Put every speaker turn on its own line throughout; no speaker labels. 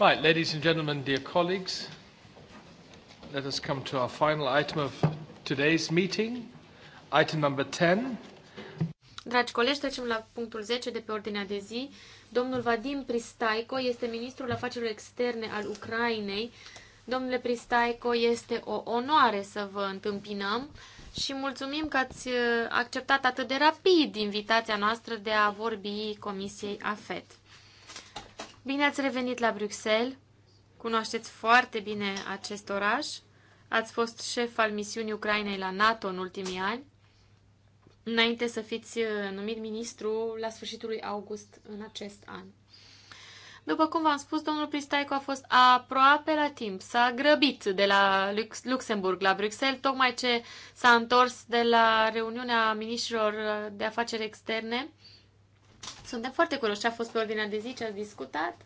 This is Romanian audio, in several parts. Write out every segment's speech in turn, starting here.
Right, ladies and gentlemen, dear colleagues, let us come to our final item of today's meeting, item number 10.
Dragi colegi, trecem la punctul 10 de pe ordinea de zi. Domnul Vadim Pristaico este ministrul afacerilor externe al Ucrainei. Domnule Pristaico, este o onoare să vă întâmpinăm și mulțumim că ați uh, acceptat atât de rapid invitația noastră de a vorbi Comisiei AFET. Bine ați revenit la Bruxelles. Cunoașteți foarte bine acest oraș. Ați fost șef al misiunii Ucrainei la NATO în ultimii ani, înainte să fiți uh, numit ministru la sfârșitul lui august în acest an. După cum v-am spus, domnul Pristaico a fost aproape la timp. S-a grăbit de la Lux- Luxemburg la Bruxelles, tocmai ce s-a întors de la reuniunea ministrilor de afaceri externe suntem foarte curioși ce a fost pe ordinea de zi, ce a discutat.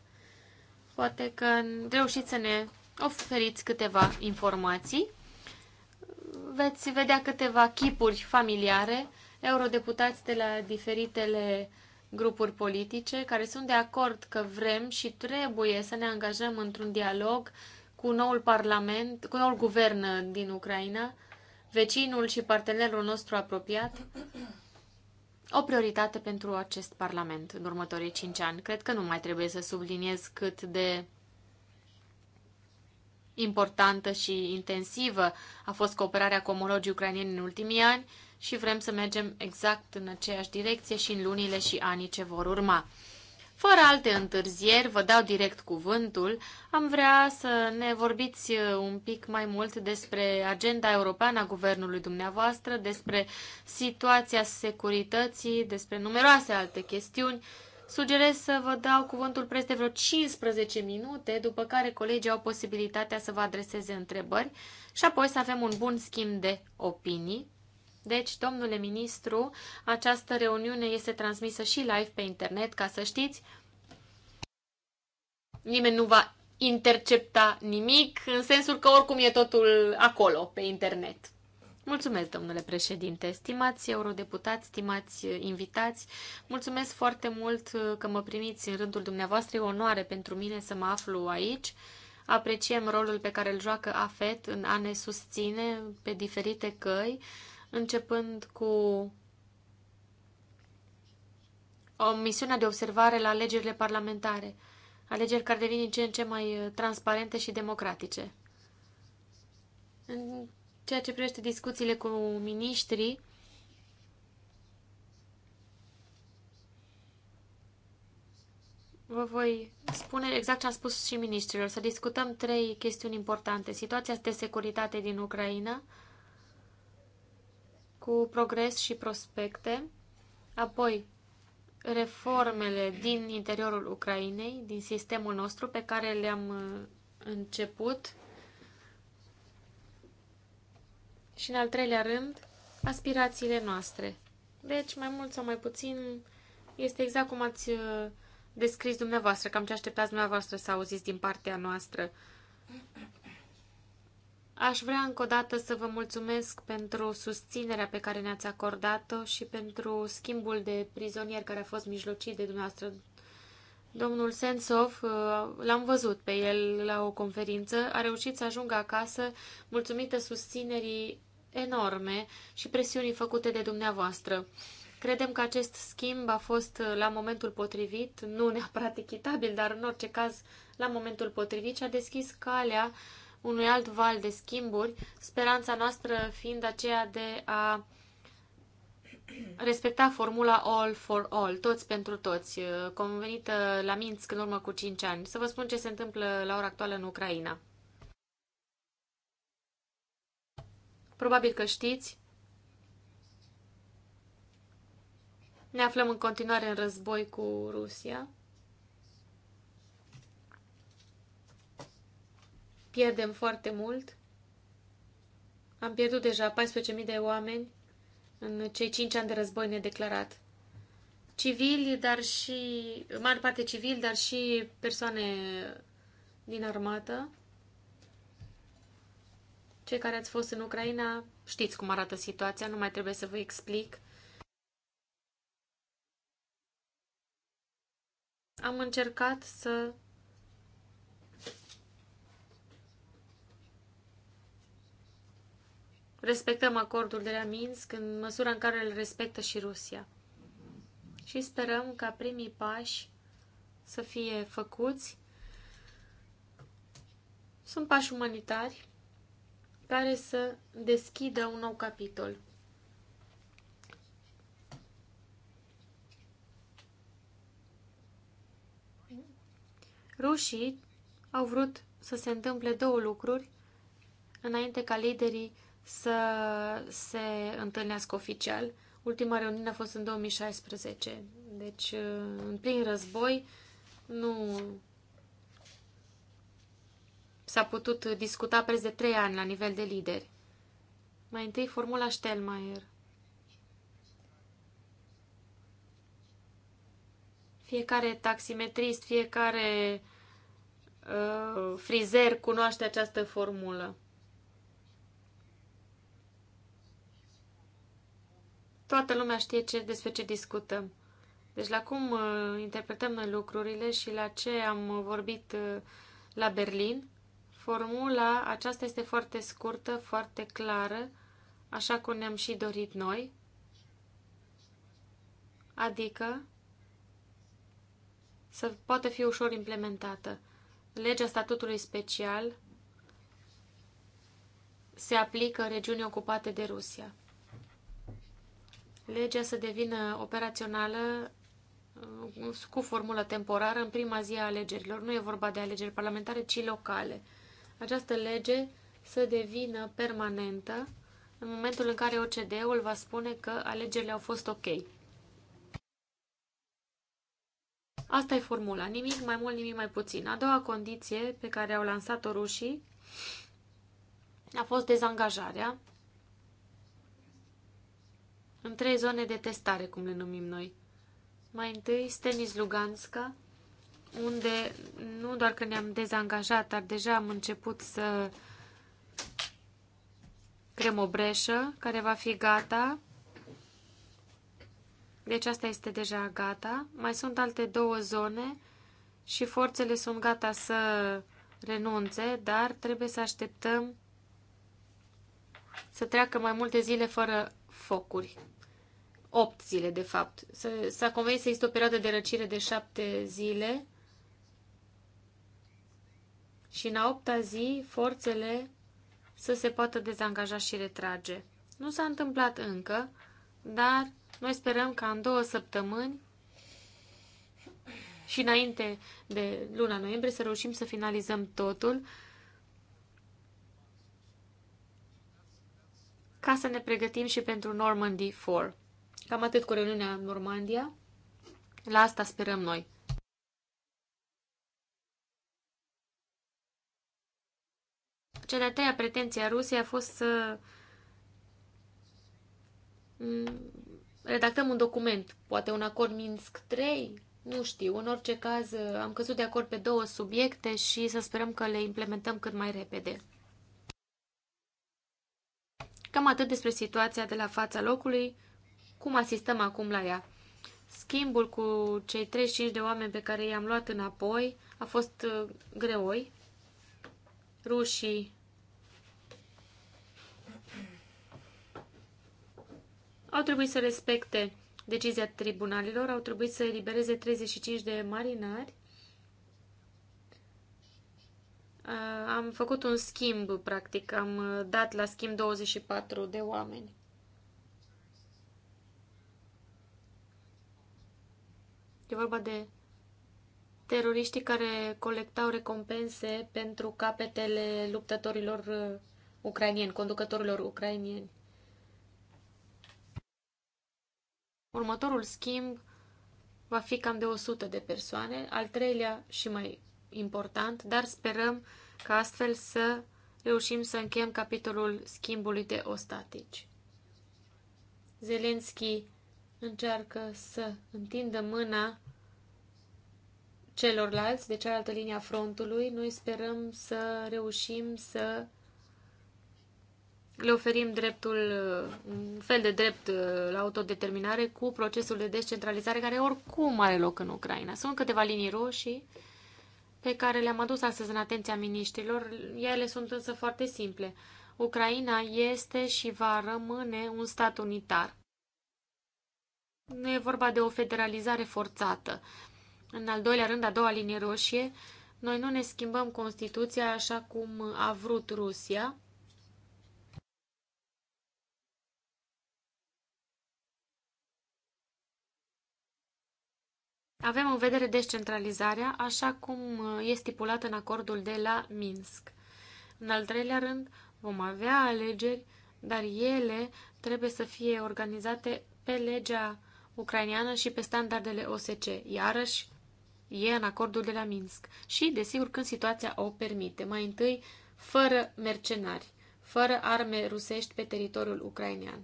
Poate că reușiți să ne oferiți câteva informații. Veți vedea câteva chipuri familiare, eurodeputați de la diferitele grupuri politice care sunt de acord că vrem și trebuie să ne angajăm într-un dialog cu noul parlament, cu noul guvern din Ucraina, vecinul și partenerul nostru apropiat o prioritate pentru acest Parlament în următorii cinci ani. Cred că nu mai trebuie să subliniez cât de importantă și intensivă a fost cooperarea cu omologii ucranieni în ultimii ani și vrem să mergem exact în aceeași direcție și în lunile și anii ce vor urma. Fără alte întârzieri, vă dau direct cuvântul, am vrea să ne vorbiți uh, un pic mai mult despre agenda europeană a guvernului dumneavoastră, despre situația securității, despre numeroase alte chestiuni. Sugerez să vă dau cuvântul peste vreo 15 minute, după care colegii au posibilitatea să vă adreseze întrebări și apoi să avem un bun schimb de opinii deci, domnule ministru, această reuniune este transmisă și live pe internet, ca să știți. Nimeni nu va intercepta nimic, în sensul că oricum e totul acolo, pe internet. Mulțumesc, domnule președinte, stimați eurodeputați, stimați invitați, mulțumesc foarte mult că mă primiți în rândul dumneavoastră, e onoare pentru mine să mă aflu aici. Apreciem rolul pe care îl joacă AFET în a ne susține pe diferite căi, începând cu o misiune de observare la alegerile parlamentare, alegeri care devin din ce în ce mai uh, transparente și democratice. În ceea ce privește discuțiile cu miniștrii, vă voi spune exact ce am spus și ministrilor. Să discutăm trei chestiuni importante. Situația de securitate din Ucraina, cu progres și prospecte, apoi reformele din interiorul Ucrainei, din sistemul nostru pe care le-am uh, început și, în al treilea rând, aspirațiile noastre. Deci, mai mult sau mai puțin, este exact cum ați uh, descris dumneavoastră, cam ce așteptați dumneavoastră să auziți din partea noastră. Aș vrea încă o dată să vă mulțumesc pentru susținerea pe care ne-ați acordat-o și pentru schimbul de prizonier care a fost mijlocit de dumneavoastră. Domnul Sensov, uh, l-am văzut pe el la o conferință, a reușit să ajungă acasă mulțumită susținerii enorme și presiunii făcute de dumneavoastră. Credem că acest schimb a fost uh, la momentul potrivit, nu neapărat echitabil, dar în orice caz la momentul potrivit și a deschis calea uh, unui alt val de schimburi, speranța noastră fiind aceea de a respecta formula all for all, toți pentru toți, convenită la Minsk în urmă cu 5 ani. Să vă spun ce se întâmplă la ora actuală în Ucraina. Probabil că știți, ne aflăm în continuare în război cu Rusia. pierdem foarte mult. Am pierdut deja 14.000 de oameni în cei 5 ani de război nedeclarat. Civili, dar și, mare parte civili, dar și persoane din armată. Cei care ați fost în Ucraina știți cum arată situația, nu mai trebuie să vă explic. Am încercat să respectăm acordul de la Minsk în măsura în care îl respectă și Rusia. Și sperăm ca primii pași să fie făcuți. Sunt pași umanitari care să deschidă un nou capitol. Rușii au vrut să se întâmple două lucruri înainte ca liderii să se întâlnească oficial. Ultima reuniune a fost în 2016, deci uh, în plin război nu s-a putut discuta preț de trei ani la nivel de lideri. Mai întâi formula Stelmaier. Fiecare taximetrist, fiecare uh, frizer cunoaște această formulă. toată lumea știe ce, despre ce discutăm. Deci la cum uh, interpretăm noi lucrurile și la ce am vorbit uh, la Berlin, formula aceasta este foarte scurtă, foarte clară, așa cum ne-am și dorit noi. Adică să poată fi ușor implementată. Legea statutului special se aplică regiunii ocupate de Rusia legea să devină operațională uh, cu formulă temporară în prima zi a alegerilor. Nu e vorba de alegeri parlamentare, ci locale. Această lege să devină permanentă în momentul în care ocd ul va spune că alegerile au fost ok. Asta e formula, nimic mai mult, nimic mai puțin. A doua condiție pe care au lansat-o rușii a fost dezangajarea în trei zone de testare, cum le numim noi. Mai întâi, Stenis Luganska, unde nu doar că ne-am dezangajat, dar deja am început să creăm o breșă care va fi gata. Deci asta este deja gata. Mai sunt alte două zone și forțele sunt gata să renunțe, dar trebuie să așteptăm să treacă mai multe zile fără focuri. 8 zile, de fapt. S-a convenit să există o perioadă de răcire de 7 zile și în a opta zi forțele să se poată dezangaja și retrage. Nu s-a întâmplat încă, dar noi sperăm ca în două săptămâni și înainte de luna noiembrie să reușim să finalizăm totul ca să ne pregătim și pentru Normandy 4. Cam atât cu reuniunea în Normandia. La asta sperăm noi. Cea de-a treia pretenție a Rusiei a fost să mm, redactăm un document, poate un acord Minsk 3, nu știu. În orice caz, am căzut de acord pe două subiecte și să sperăm că le implementăm cât mai repede. Cam atât despre situația de la fața locului cum asistăm acum la ea. Schimbul cu cei 35 de oameni pe care i-am luat înapoi a fost uh, greoi. Rușii au trebuit să respecte decizia tribunalilor, au trebuit să elibereze 35 de marinari. Uh, am făcut un schimb, practic, am uh, dat la schimb 24 de oameni. E vorba de teroriștii care colectau recompense pentru capetele luptătorilor uh, ucrainieni, conducătorilor ucrainieni. Următorul schimb va fi cam de 100 de persoane, al treilea și mai important, dar sperăm că astfel să reușim să încheiem capitolul schimbului de ostatici. Zelenski încearcă să întindă mâna celorlalți, de cealaltă linie a frontului, noi sperăm să reușim să le oferim dreptul, un fel de drept uh, la autodeterminare cu procesul de descentralizare care oricum are loc în Ucraina. Sunt câteva linii roșii pe care le-am adus astăzi în atenția miniștrilor. Ele sunt însă foarte simple. Ucraina este și va rămâne un stat unitar. Nu e vorba de o federalizare forțată. În al doilea rând, a doua linie roșie, noi nu ne schimbăm Constituția așa cum a vrut Rusia. Avem în vedere descentralizarea, așa cum uh, e stipulată în acordul de la Minsk. În al treilea rând, vom avea alegeri, dar ele trebuie să fie organizate pe legea ucraineană și pe standardele OSCE. Iarăși, e în acordul de la Minsk și, desigur, când situația o permite. Mai întâi, fără mercenari, fără arme rusești pe teritoriul ucrainean.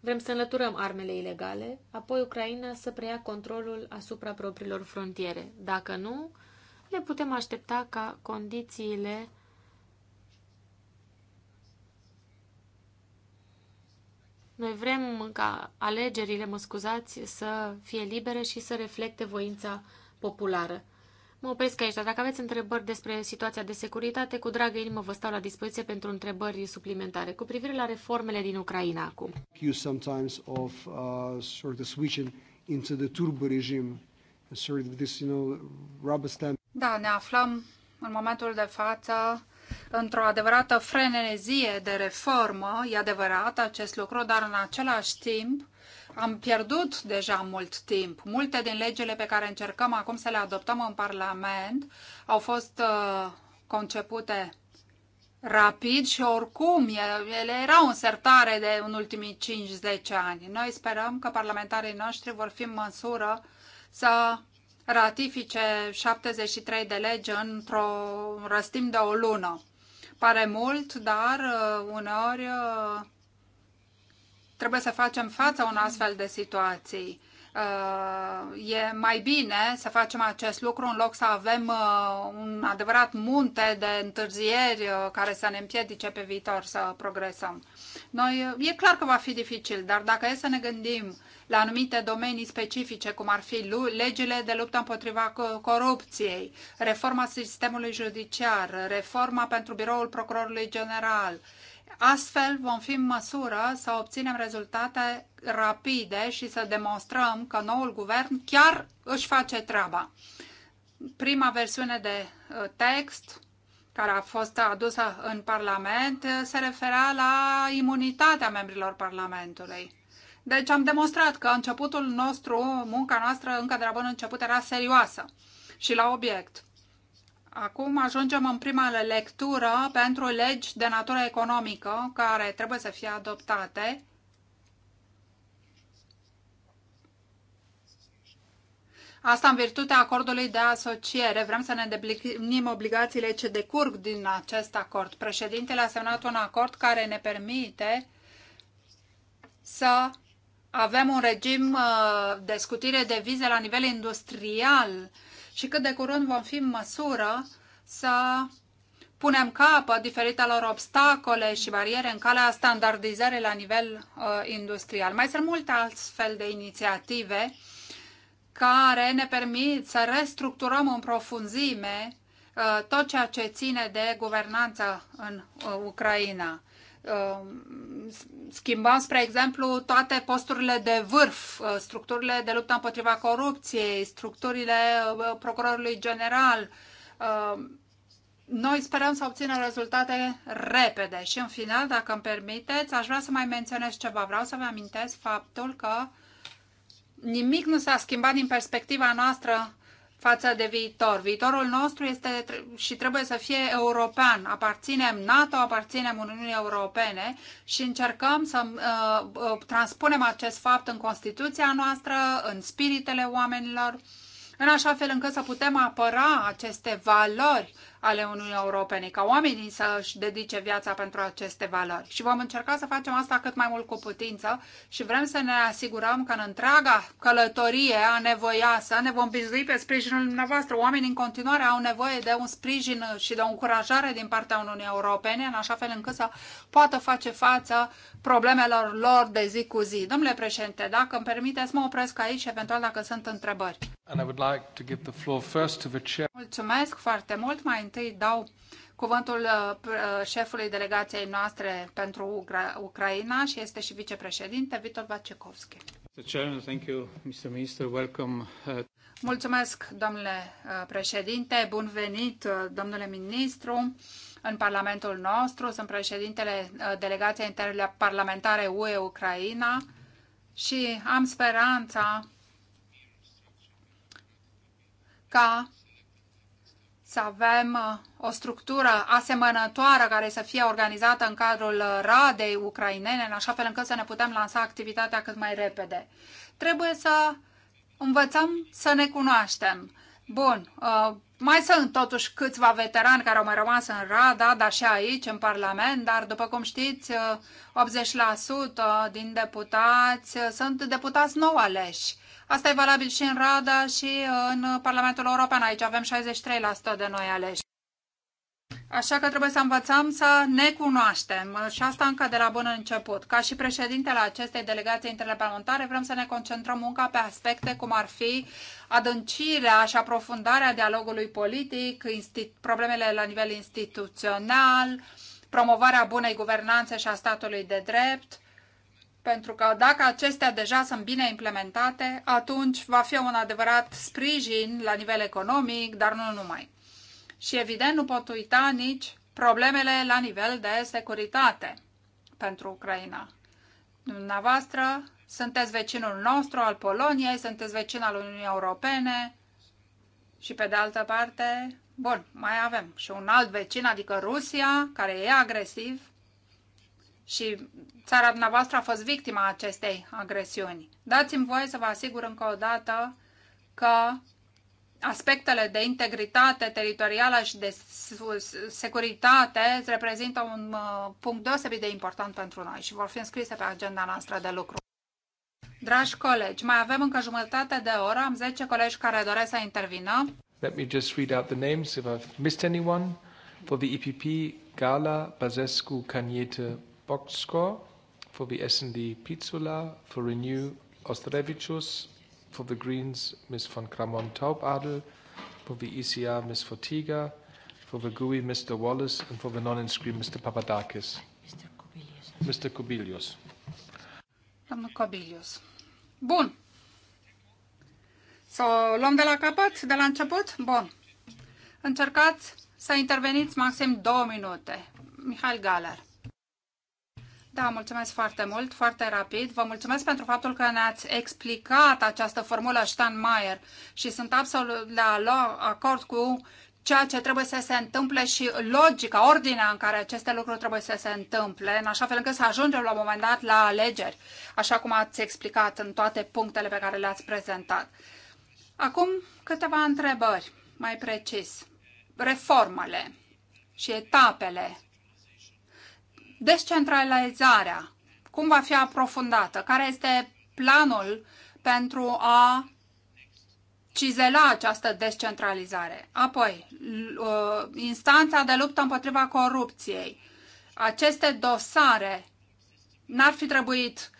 Vrem să înlăturăm armele ilegale, apoi Ucraina să preia controlul asupra propriilor frontiere. Dacă nu, le putem aștepta ca condițiile Noi vrem ca alegerile, mă scuzați, să fie libere și să reflecte voința populară. Mă opresc aici, dar dacă aveți întrebări despre situația de securitate, cu dragă inimă vă stau la dispoziție pentru întrebări suplimentare. Cu privire la reformele din
Ucraina acum.
sometimes of uh, sort of switching into the turbo regime, sort of this, you know, rubber stamp.
Da, ne aflăm în momentul de față într-o adevărată frenezie de reformă, e adevărat acest lucru, dar în același timp am pierdut deja mult timp. Multe din legile pe care încercăm acum să le adoptăm în Parlament au fost uh, concepute rapid și oricum ele erau în sertare de în ultimii 5-10 ani. Noi sperăm că parlamentarii noștri vor fi în măsură să ratifice 73 de legi într-un răstim de o lună. Pare mult, dar uh, uneori uh, trebuie să facem față un astfel de situații. Uh, e mai bine să facem acest lucru în loc să avem uh, un adevărat munte de întârzieri uh, care să ne împiedice pe viitor să progresăm. Noi, e clar că va fi dificil, dar dacă e să ne gândim la anumite domenii specifice, cum ar fi legile de luptă împotriva corupției, reforma sistemului judiciar, reforma pentru biroul procurorului general, Astfel vom fi în măsură să obținem rezultate rapide și să demonstrăm că noul guvern chiar își face treaba. Prima versiune de uh, text care a fost adusă în Parlament uh, se referea la imunitatea membrilor Parlamentului. Deci am demonstrat că începutul nostru, munca noastră încă de la bun început era serioasă și la obiect. Acum ajungem în prima lectură pentru legi de natură economică care trebuie să fie adoptate. Asta în virtutea acordului de asociere. Vrem să ne îndeplinim obligațiile ce decurg din acest acord. Președintele a semnat un acord care ne permite să avem un regim uh, de scutire de vize la nivel industrial și cât de curând vom fi în măsură să punem capăt diferitelor obstacole și bariere în calea standardizării la nivel uh, industrial. Mai sunt multe astfel de inițiative care ne permit să restructurăm în profunzime uh, tot ceea ce ține de guvernanță în uh, Ucraina. Um, schimbăm, spre exemplu, toate posturile de vârf, uh, structurile de luptă împotriva corupției, structurile uh, procurorului general. Um, noi sperăm să obținem rezultate repede și, în final, dacă îmi permiteți, aș vrea să mai menționez ceva. Vreau să vă amintesc faptul că nimic nu s-a schimbat din perspectiva noastră față de viitor. Viitorul nostru este și trebuie să fie european. Aparținem NATO, aparținem Uniunii Europene și încercăm să uh, uh, transpunem acest fapt în Constituția noastră, în spiritele oamenilor, în așa fel încât să putem apăra aceste valori ale Uniunii Europene, ca oamenii să își dedice viața pentru aceste valori. Și vom încerca să facem asta cât mai mult cu putință și vrem să ne asigurăm că în întreaga călătorie a nevoiasă ne vom bizui pe sprijinul dumneavoastră. Oamenii în continuare au nevoie de un sprijin și de o încurajare din partea Uniunii Europene, în așa fel încât să poată face față problemelor lor de zi cu zi. Domnule președinte, dacă îmi permiteți, mă opresc aici eventual dacă sunt întrebări.
And I would like to give the floor first to the chair.
Mulțumesc foarte mult. Mai întâi dau cuvântul uh, uh, șefului delegației noastre pentru Ucra Ucraina și este și vicepreședinte Vitor Vacekovski.
Uh,
Mulțumesc, domnule președinte. Bun venit, domnule ministru, în Parlamentul nostru. Sunt președintele delegației interparlamentare UE Ucraina și am speranța ca să avem uh, o structură asemănătoare care să fie organizată în cadrul uh, Radei ucrainene, în așa fel încât să ne putem lansa activitatea cât mai repede. Trebuie să învățăm să ne cunoaștem. Bun, uh, mai sunt totuși câțiva veterani care au mai rămas în Rada, dar și aici, în Parlament, dar după cum știți, 80% din deputați sunt deputați nou aleși Asta e valabil și în Rada și uh, în Parlamentul European. Aici avem 63% de noi aleși. Așa că trebuie să învățăm să ne cunoaștem și asta încă de la bun început. Ca și președintele acestei delegații interparlamentare vrem să ne concentrăm munca pe aspecte cum ar fi adâncirea și aprofundarea dialogului politic, problemele la nivel instituțional, promovarea bunei guvernanțe și a statului de drept, pentru că dacă acestea deja sunt bine implementate, atunci va fi un adevărat sprijin la nivel economic, dar nu numai. Și evident nu pot uita nici problemele la nivel de securitate pentru Ucraina. Dumneavoastră sunteți vecinul nostru al Poloniei, sunteți vecin al Uniunii Europene și pe de altă parte, bun, mai avem și un alt vecin, adică Rusia, care e agresiv și țara dumneavoastră a fost victima acestei agresiuni. Dați-mi voie să vă asigur încă o dată că aspectele de integritate teritorială și de securitate reprezintă un uh, punct deosebit de important pentru noi și vor fi înscrise pe agenda noastră de lucru. Dragi colegi, mai avem încă jumătate de oră, am 10 colegi care doresc să intervină.
Let me just read out the names if I've missed anyone. For the EPP, Gala, Bazescu, Caniete, Boxkor, for the S&D Pizzula, for Renew Ostrevicius, for the Greens Ms. von Kramon Taubadel, for the ECR Ms. Fortiga, for the GUI Mr. Wallace, and for the non-inscreen Mr. Papadakis. Mr. Kubilius.
Domnul Cobilius. Bun. Să o luăm de la capăt, de la început? Bun. Încercați să interveniți maxim două minute. Mihail Galer. Da, mulțumesc foarte mult, foarte rapid. Vă mulțumesc pentru faptul că ne-ați explicat această formulă Steinmeier și sunt absolut la acord cu ceea ce trebuie să se întâmple și logica, ordinea în care aceste lucruri trebuie să se întâmple, în așa fel încât să ajungem la un moment dat la alegeri, așa cum ați explicat în toate punctele pe care le-ați prezentat. Acum câteva întrebări, mai precis. Reformele și etapele descentralizarea, cum va fi aprofundată, care este planul pentru a cizela această descentralizare. Apoi, uh, instanța de luptă împotriva corupției. Aceste dosare n-ar fi trebuit,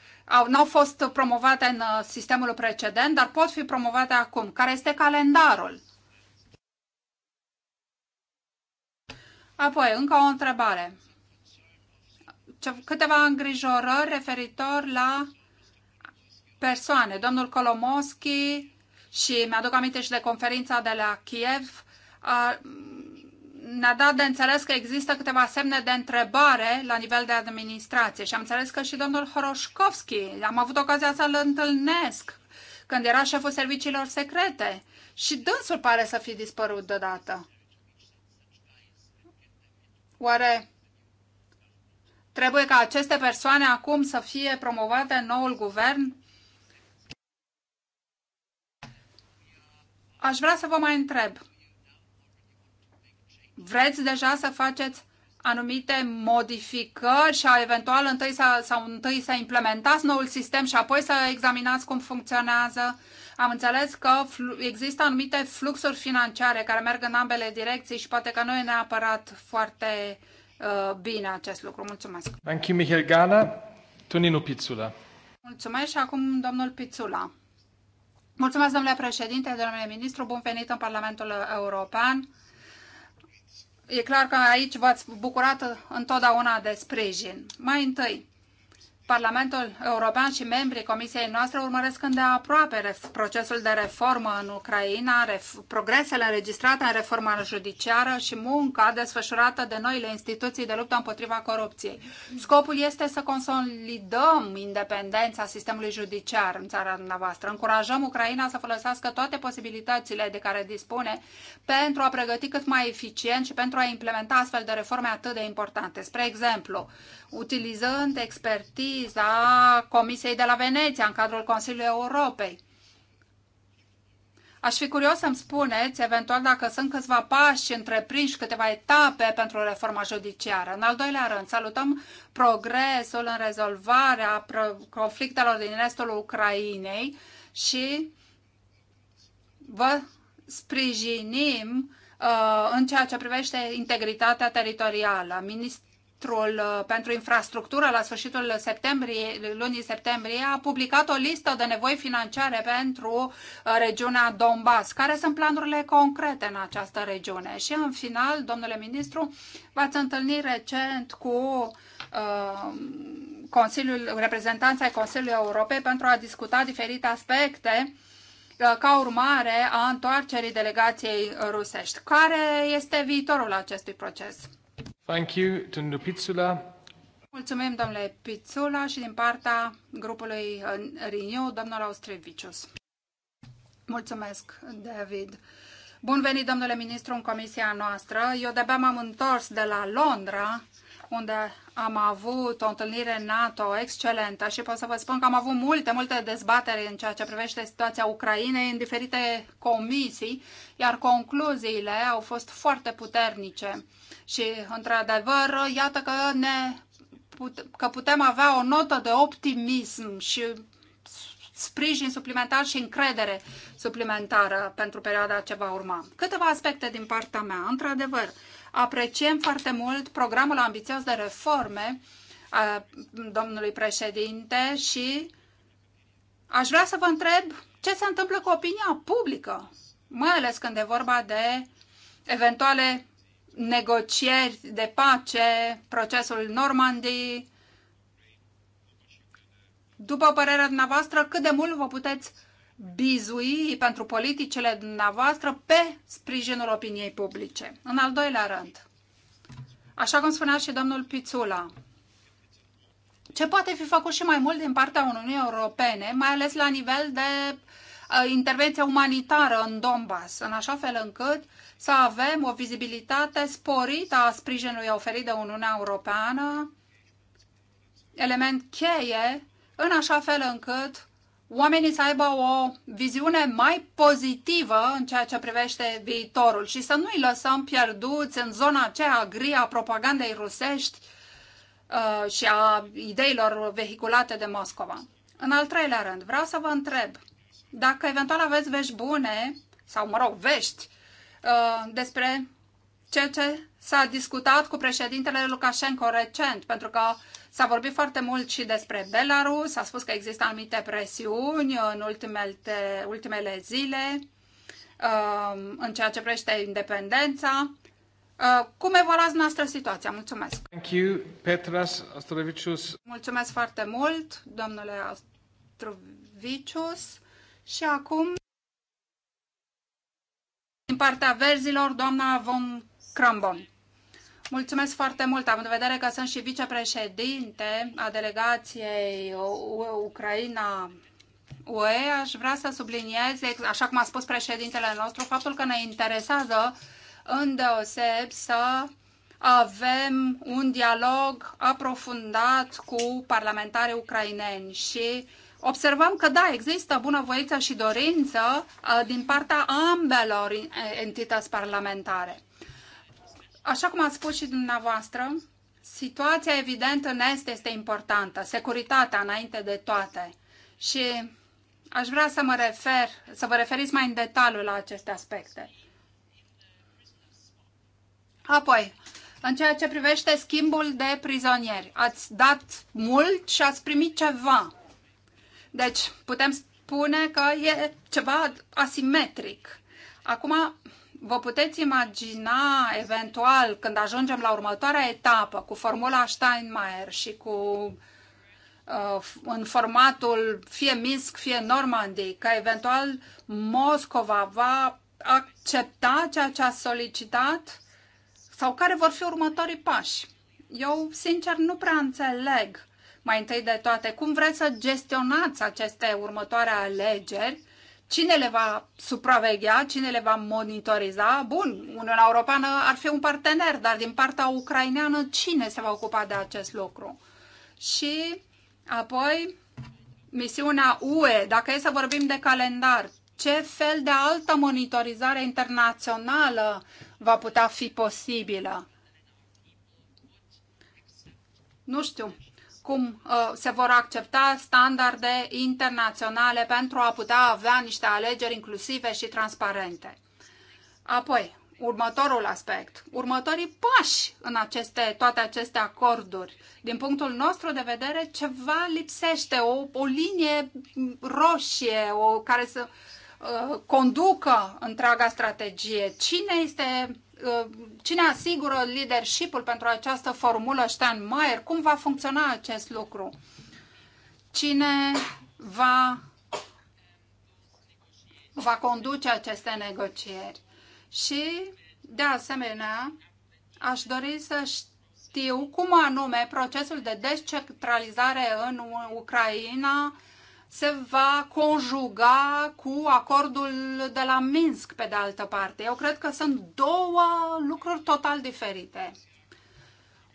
n-au fost promovate în uh, sistemul precedent, dar pot fi promovate acum. Care este calendarul? Apoi, încă o întrebare câteva îngrijorări referitor la persoane. Domnul Kolomoski, și mi-aduc aminte și de conferința de la Kiev, ne-a dat de înțeles că există câteva semne de întrebare la nivel de administrație și am înțeles că și domnul Horoșkovski, am avut ocazia să-l întâlnesc când era șeful serviciilor secrete și dânsul pare să fi dispărut deodată. Oare Trebuie ca aceste persoane acum să fie promovate în noul guvern? Aș vrea să vă mai întreb. Vreți deja să faceți anumite modificări și a eventual întâi să, sau întâi să implementați noul sistem și apoi să examinați cum funcționează. Am înțeles că există anumite fluxuri financiare care merg în ambele direcții și poate că nu e neapărat foarte uh, Uh, bine acest lucru. Mulțumesc!
Thank you, Michael Gala. Tonino Pizzula.
Mulțumesc și acum domnul Pizzula. Mulțumesc, domnule președinte, domnule ministru, bun venit în Parlamentul European. E clar că aici v-ați bucurat întotdeauna de sprijin. Mai întâi, Parlamentul European și membrii Comisiei noastre urmăresc îndeaproape procesul de reformă în Ucraina, progresele înregistrate în reforma judiciară și munca desfășurată de noile instituții de luptă împotriva corupției. Scopul este să consolidăm independența sistemului judiciar în țara noastră. Încurajăm Ucraina să folosească toate posibilitățile de care dispune pentru a pregăti cât mai eficient și pentru a implementa astfel de reforme atât de importante. Spre exemplu, utilizând expertiză analiza Comisiei de la Veneția în cadrul Consiliului Europei. Aș fi curios să-mi spuneți, eventual, dacă sunt câțiva pași întreprinși, câteva etape pentru reforma judiciară. În al doilea rând, salutăm progresul în rezolvarea conflictelor din restul Ucrainei și vă sprijinim uh, în ceea ce privește integritatea teritorială. Ministrul ministrul uh, pentru infrastructură la sfârșitul septembrie, lunii septembrie a publicat o listă de nevoi financiare pentru uh, regiunea Donbass. Care sunt planurile concrete în această regiune? Și în final, domnule ministru, v-ați întâlnit recent cu uh, Consiliul, reprezentanța ai Consiliului Europei pentru a discuta diferite aspecte ca urmare a întoarcerii delegației rusești. Care este viitorul acestui proces? Mulțumim, domnule Pizzula, și din partea grupului Renew, domnul Austrevicius. Mulțumesc, David. Bun venit, domnule ministru, în comisia noastră. Eu de-abia m-am întors de la Londra unde am avut o întâlnire NATO excelentă și pot să vă spun că am avut multe, multe dezbateri în ceea ce privește situația Ucrainei în diferite comisii, iar concluziile au fost foarte puternice. Și, într-adevăr, iată că, ne put- că putem avea o notă de optimism și sprijin suplimentar și încredere suplimentară pentru perioada ce va urma. Câteva aspecte din partea mea. Într-adevăr, Apreciem foarte mult programul ambițios de reforme a domnului președinte și aș vrea să vă întreb ce se întâmplă cu opinia publică, mai ales când e vorba de eventuale negocieri de pace, procesul Normandii. După părerea dumneavoastră, cât de mult vă puteți bizui pentru politicile dumneavoastră pe sprijinul opiniei publice. În al doilea rând, așa cum spunea și domnul Pițula, ce poate fi făcut și mai mult din partea Uniunii Europene, mai ales la nivel de uh, intervenție umanitară în Donbass, în așa fel încât să avem o vizibilitate sporită a sprijinului oferit de Uniunea Europeană, element cheie, în așa fel încât oamenii să aibă o viziune mai pozitivă în ceea ce privește viitorul și să nu-i lăsăm pierduți în zona aceea gri a propagandei rusești uh, și a ideilor vehiculate de Moscova. În al treilea rând, vreau să vă întreb dacă eventual aveți vești bune, sau mă rog, vești, uh, despre ceea ce s-a discutat cu președintele Lukashenko recent, pentru că s-a vorbit foarte mult și despre Belarus, s-a spus că există anumite presiuni în ultimele, ultimele zile um, în ceea ce privește independența. Uh, cum evaluați noastră situația? Mulțumesc!
Thank you, Petras Astrovicius.
Mulțumesc foarte mult, domnule Astrovicius. Și acum, din partea verzilor, doamna Von Crambon. Mulțumesc foarte mult, am în vedere că sunt și vicepreședinte a delegației Ucraina UE, aș vrea să subliniez, așa cum a spus președintele nostru, faptul că ne interesează îndeoseb să avem un dialog aprofundat cu parlamentarii ucraineni și observăm că, da, există bunăvoință și dorință uh, din partea ambelor uh, entități parlamentare. Așa cum ați spus și dumneavoastră, situația evident în Est este importantă, securitatea înainte de toate. Și aș vrea să mă refer, să vă referiți mai în detaliu la aceste aspecte. Apoi, în ceea ce privește schimbul de prizonieri, ați dat mult și ați primit ceva. Deci, putem spune că e ceva asimetric. Acum, vă puteți imagina eventual când ajungem la următoarea etapă cu formula Steinmeier și cu uh, în formatul fie Minsk, fie Normandie, că eventual Moscova va accepta ceea ce a solicitat sau care vor fi următorii pași. Eu, sincer, nu prea înțeleg mai întâi de toate cum vreți să gestionați aceste următoare alegeri Cine le va supraveghea, cine le va monitoriza? Bun, Uniunea Europeană ar fi un partener, dar din partea ucraineană cine se va ocupa de acest lucru? Și apoi, misiunea UE, dacă e să vorbim de calendar, ce fel de altă monitorizare internațională va putea fi posibilă? Nu știu cum uh, se vor accepta standarde internaționale pentru a putea avea niște alegeri inclusive și transparente. Apoi, următorul aspect, următorii pași în aceste, toate aceste acorduri. Din punctul nostru de vedere, ceva lipsește, o, o linie roșie o, care să uh, conducă întreaga strategie. Cine este Uh, cine asigură leadership pentru această formulă Steinmeier? Cum va funcționa acest lucru? Cine va, va conduce aceste negocieri? Și, de asemenea, aș dori să știu știu cum anume procesul de descentralizare în Ucraina se va conjuga cu acordul de la Minsk, pe de altă parte. Eu cred că sunt două lucruri total diferite.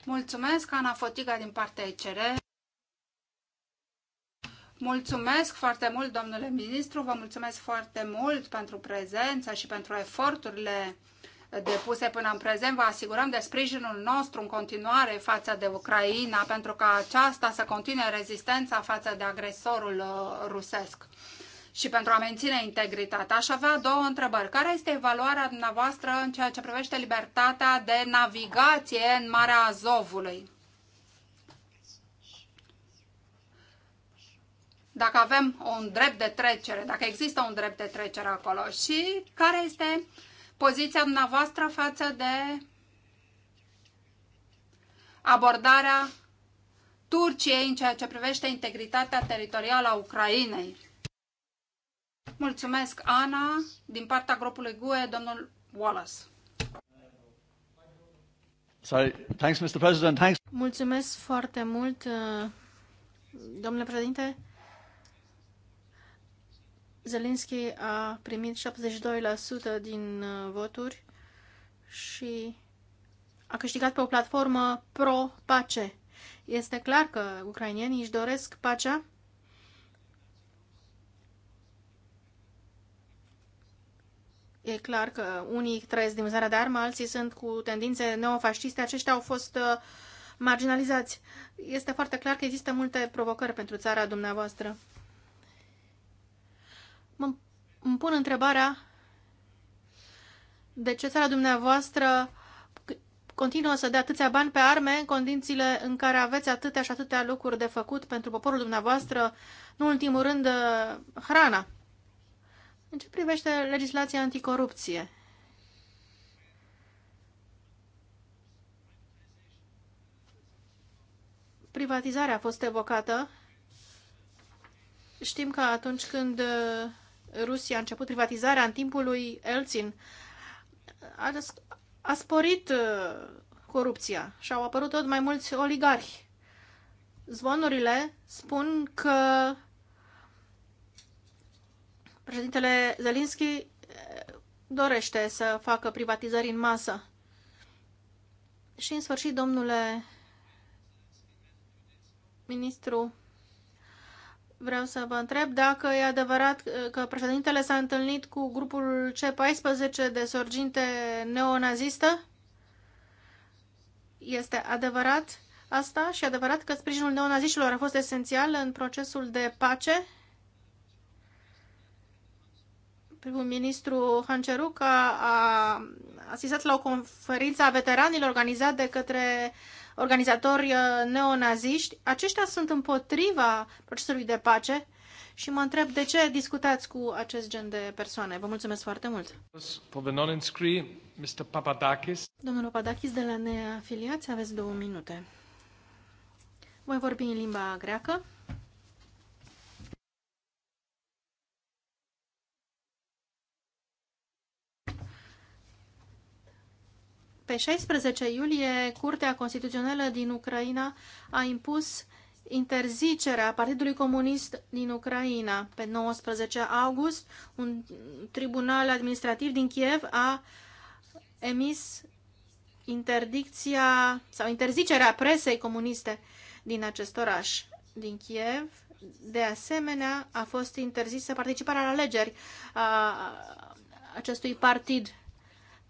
Mulțumesc, Ana Fotiga, din partea ECR. Mulțumesc foarte mult, domnule ministru, vă mulțumesc foarte mult pentru prezența și pentru eforturile depuse până în prezent, vă asigurăm de sprijinul nostru în continuare față de Ucraina, pentru ca aceasta să continue rezistența față de agresorul uh, rusesc și pentru a menține integritatea. Aș avea două întrebări. Care este evaluarea dumneavoastră în ceea ce privește libertatea de navigație în Marea Azovului? Dacă avem un drept de trecere, dacă există un drept de trecere acolo și care este uh, poziția dumneavoastră față de abordarea Turciei în ceea ce privește integritatea teritorială a Ucrainei. Mulțumesc, Ana, din partea grupului GUE, domnul Wallace.
Sorry. Thanks, Mr. President. Thanks.
Mulțumesc foarte mult, uh, domnule președinte. Zelinski a primit 72% din uh, voturi și a câștigat pe o platformă pro-pace. Este clar că ucrainienii își doresc pacea. E clar că unii trăiesc din vânzarea de armă, alții sunt cu tendințe neofasciste. Aceștia au fost uh, marginalizați. Este foarte clar că există multe provocări pentru țara dumneavoastră mă, îmi pun întrebarea de ce țara dumneavoastră continuă să dea atâția bani pe arme în condițiile în care aveți atâtea și atâtea lucruri de făcut pentru poporul dumneavoastră, nu în ultimul rând uh, hrana. În ce privește legislația anticorupție? Privatizarea a fost evocată. Știm că atunci când uh, Rusia a început privatizarea în timpul lui Elțin, a, a sporit uh, corupția și au apărut tot mai mulți oligarhi. Zvonurile spun că președintele Zelinski uh, dorește să facă privatizări în masă. Și în sfârșit, domnule ministru, Vreau să vă întreb dacă e adevărat uh, că președintele s-a întâlnit cu grupul C14 de sorginte neonazistă? Este adevărat asta și adevărat că sprijinul neonaziștilor a fost esențial în procesul de pace? primul ministru Hanceruc a, a asistat la o conferință a veteranilor organizată de către organizatori uh, neonaziști, aceștia sunt împotriva procesului de pace și mă întreb de ce discutați cu acest gen de persoane. Vă mulțumesc foarte mult.
Mr. Papadakis.
Domnul Papadakis, de la neafiliați, aveți două minute. Voi vorbi în limba greacă. Pe 16 iulie, Curtea Constituțională din Ucraina a impus interzicerea Partidului Comunist din Ucraina. Pe 19 august, un tribunal administrativ din Kiev a emis interdicția sau interzicerea presei comuniste din acest oraș, din Kiev. De asemenea, a fost interzisă participarea la alegeri a acestui partid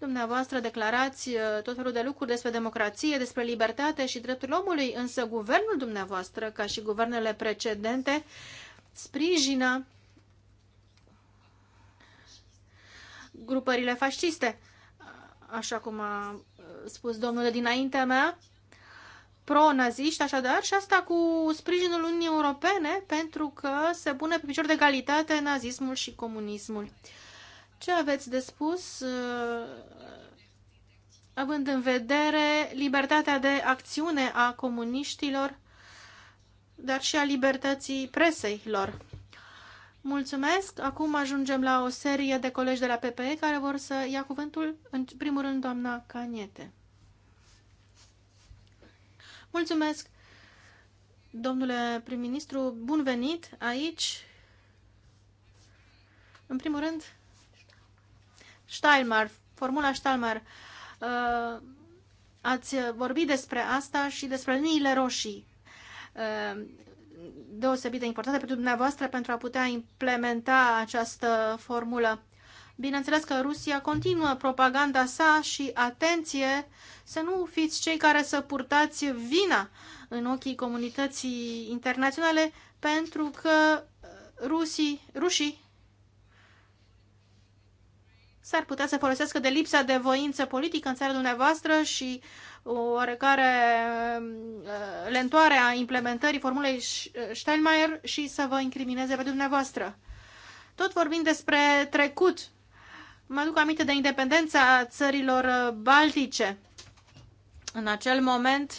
Dumneavoastră declarați uh, tot felul de lucruri despre democrație, despre libertate și dreptul omului, însă guvernul dumneavoastră, ca și guvernele precedente, sprijină grupările fasciste, așa cum a uh, spus domnul de dinaintea mea, pro-naziști, așadar, și asta cu sprijinul Uniunii Europene, pentru că se pune pe picior de egalitate nazismul și comunismul. Ce aveți de spus uh, având în vedere libertatea de acțiune a comuniștilor, dar și a libertății presei lor? Mulțumesc! Acum ajungem la o serie de colegi de la PPE care vor să ia cuvântul, în primul rând, doamna Caniete. Mulțumesc! Domnule prim-ministru, bun venit aici! În primul rând, Steinmar, formula Steinmar. Uh, ați vorbit despre asta și despre liniile roșii uh, deosebit de importante pentru dumneavoastră pentru a putea implementa această formulă. Bineînțeles că Rusia continuă propaganda sa și atenție să nu fiți cei care să purtați vina în ochii comunității internaționale pentru că uh, rusii, rușii s-ar putea să folosească de lipsa de voință politică în țara dumneavoastră și oarecare um, uh, lentoare a implementării formulei uh, Steinmeier și să vă incrimineze pe dumneavoastră. Tot vorbind despre trecut, mă duc aminte de independența țărilor uh, baltice. În acel moment, 95%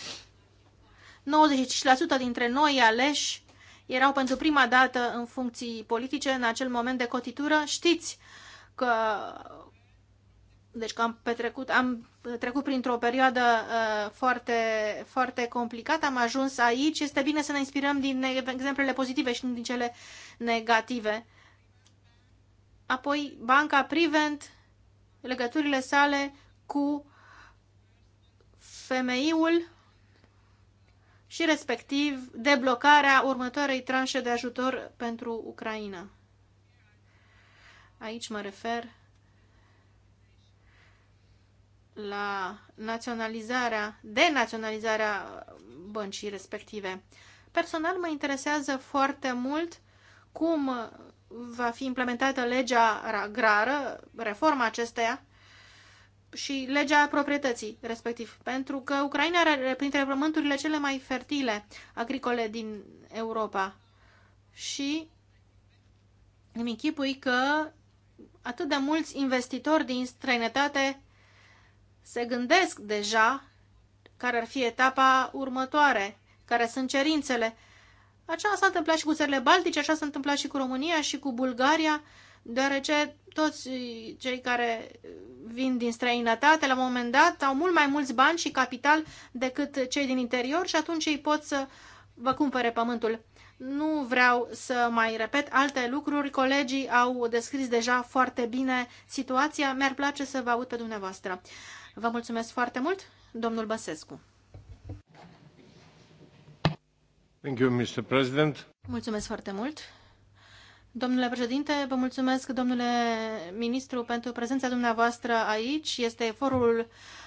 dintre noi aleși erau pentru prima dată în funcții politice, în acel moment de cotitură. Știți că deci că am petrecut, am trecut printr-o perioadă uh, foarte, foarte complicată, am ajuns aici. Este bine să ne inspirăm din exemplele pozitive și nu din cele negative. Apoi, banca Privent, legăturile sale cu femeiul și respectiv deblocarea următoarei tranșe de ajutor pentru Ucraina. Aici mă refer la naționalizarea, denaționalizarea băncii respective. Personal mă interesează foarte mult cum va fi implementată legea agrară, reforma acesteia și legea proprietății, respectiv, pentru că Ucraina are printre pământurile cele mai fertile agricole din Europa. Și îmi închipui că atât de mulți investitori din străinătate se gândesc deja care ar fi etapa următoare, care sunt cerințele. Așa s-a întâmplat și cu țările baltice, așa s-a întâmplat și cu România și cu Bulgaria, deoarece toți cei care vin din străinătate, la un moment dat, au mult mai mulți bani și capital decât cei din interior și atunci ei pot să vă cumpere pământul. Nu vreau să mai repet alte lucruri. Colegii au descris deja foarte bine situația. Mi-ar place să vă aud pe dumneavoastră. Vă mulțumesc foarte mult, domnul Băsescu.
Thank you, Mr. President.
Mulțumesc foarte mult. Domnule președinte, vă mulțumesc, domnule ministru, pentru prezența dumneavoastră aici. Este forul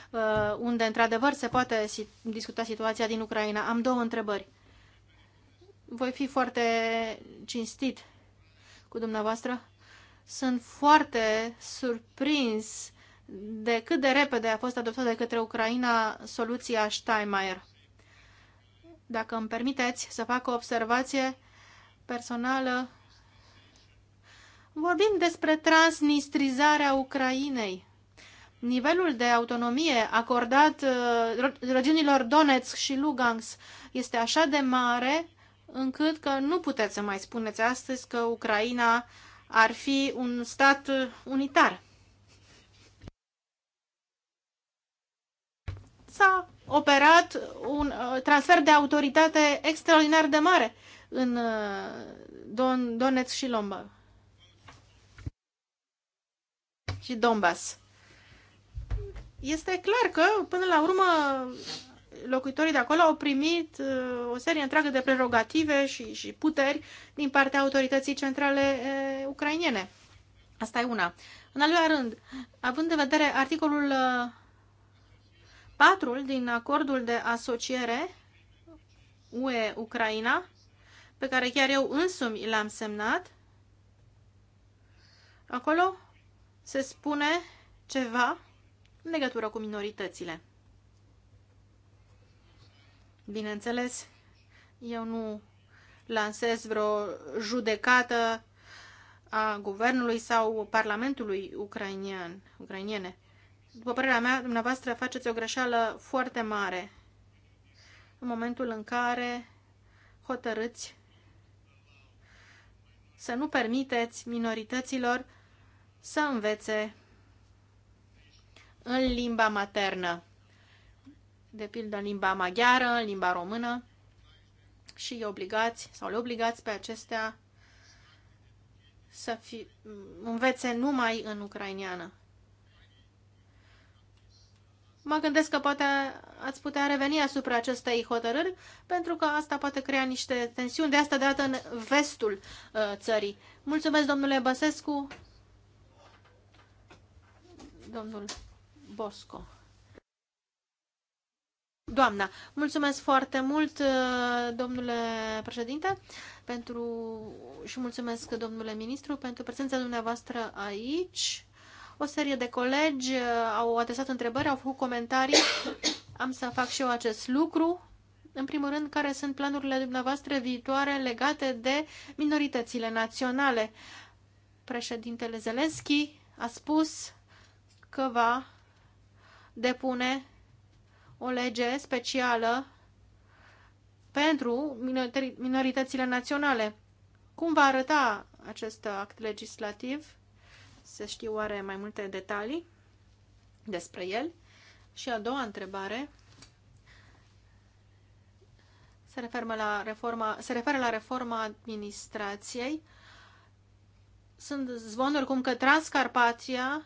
uh, unde, într-adevăr, se poate discuta situația din Ucraina. Am două întrebări voi fi foarte cinstit cu dumneavoastră. Sunt foarte surprins de cât de repede a fost adoptată de către Ucraina soluția Steinmeier. Dacă îmi permiteți să fac o observație personală, vorbim despre transnistrizarea Ucrainei. Nivelul de autonomie acordat uh, regiunilor Donetsk și Lugansk este așa de mare încât că nu puteți să mai spuneți astăzi că Ucraina ar fi un stat unitar. S-a operat un uh, transfer de autoritate extraordinar de mare în uh, Don, Donetsk și Lomba. Și Donbass. Este clar că, până la urmă, locuitorii de acolo au primit uh, o serie întreagă de prerogative și, și puteri din partea autorității centrale uh, ucrainiene. Asta e una. În al doilea rând, având în vedere articolul 4 uh, din acordul de asociere UE-Ucraina, pe care chiar eu însumi l-am semnat, acolo se spune ceva în legătură cu minoritățile. Bineînțeles, eu nu lansez vreo judecată a guvernului sau parlamentului ucrainian, ucrainiene. După părerea mea, dumneavoastră faceți o greșeală foarte mare în momentul în care hotărâți să nu permiteți minorităților să învețe în limba maternă de pildă în limba maghiară, în limba română și îi obligați sau le obligați pe acestea să fi, învețe numai în ucrainiană. Mă gândesc că poate ați putea reveni asupra acestei hotărâri, pentru că asta poate crea niște tensiuni de asta dată în vestul uh, țării. Mulțumesc, domnule Băsescu. Domnul Bosco. Doamna, mulțumesc foarte mult, uh, domnule președinte, pentru... și mulțumesc, domnule ministru, pentru prezența dumneavoastră aici. O serie de colegi uh, au adresat întrebări, au făcut comentarii. Am să fac și eu acest lucru. În primul rând, care sunt planurile dumneavoastră viitoare legate de minoritățile naționale? Președintele Zelenski a spus că va depune o lege specială pentru minoritățile naționale. Cum va arăta acest act legislativ? Se știu oare mai multe detalii despre el? Și a doua întrebare se referă la reforma, se referă la reforma administrației. Sunt zvonuri cum că Transcarpatia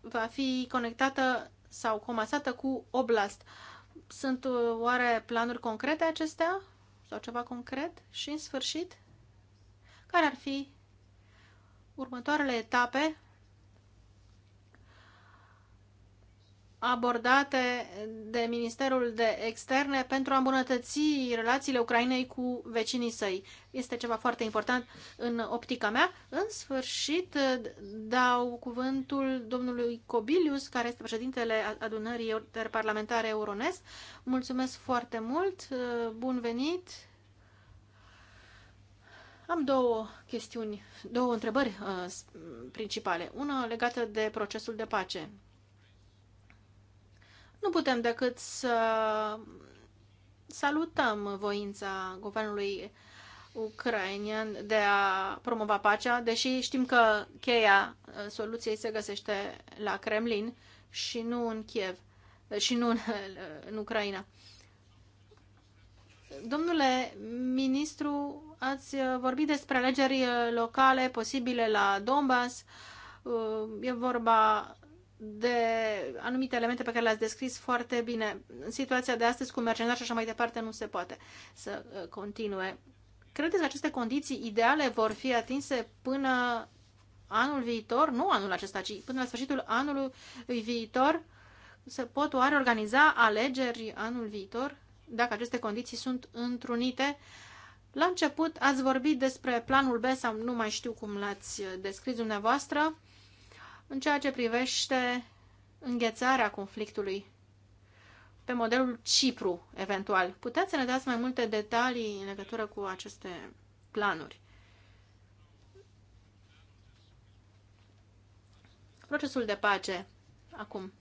va fi conectată sau comasată cu oblast. Sunt uh, oare planuri concrete acestea? Sau ceva concret? Și în sfârșit, care ar fi următoarele etape abordate de Ministerul de Externe pentru a îmbunătăți relațiile Ucrainei cu vecinii săi. Este ceva foarte important în optica mea. În sfârșit, dau cuvântul domnului Cobilius, care este președintele adunării interparlamentare Euronest. Mulțumesc foarte mult, bun venit! Am două chestiuni, două întrebări uh, principale. Una legată de procesul de pace nu putem decât să salutăm voința guvernului ucrainian de a promova pacea, deși știm că cheia uh, soluției se găsește la Kremlin și nu în Kiev uh, și nu în, uh, în Ucraina. Domnule ministru, ați vorbit despre alegeri locale posibile la Donbass. E vorba de anumite elemente pe care le-ați descris foarte bine. În situația de astăzi, cu mercenari și așa mai departe, nu se poate să uh, continue. Credeți că aceste condiții ideale vor fi atinse până anul viitor? Nu anul acesta, ci până la sfârșitul anului viitor? Se pot oare organiza alegeri anul viitor? Dacă aceste condiții sunt întrunite, la început ați vorbit despre planul B sau nu mai știu cum l-ați uh, descris dumneavoastră în ceea ce privește înghețarea conflictului pe modelul Cipru, eventual. Puteți să ne dați mai multe detalii în legătură cu aceste planuri. Procesul de pace, acum.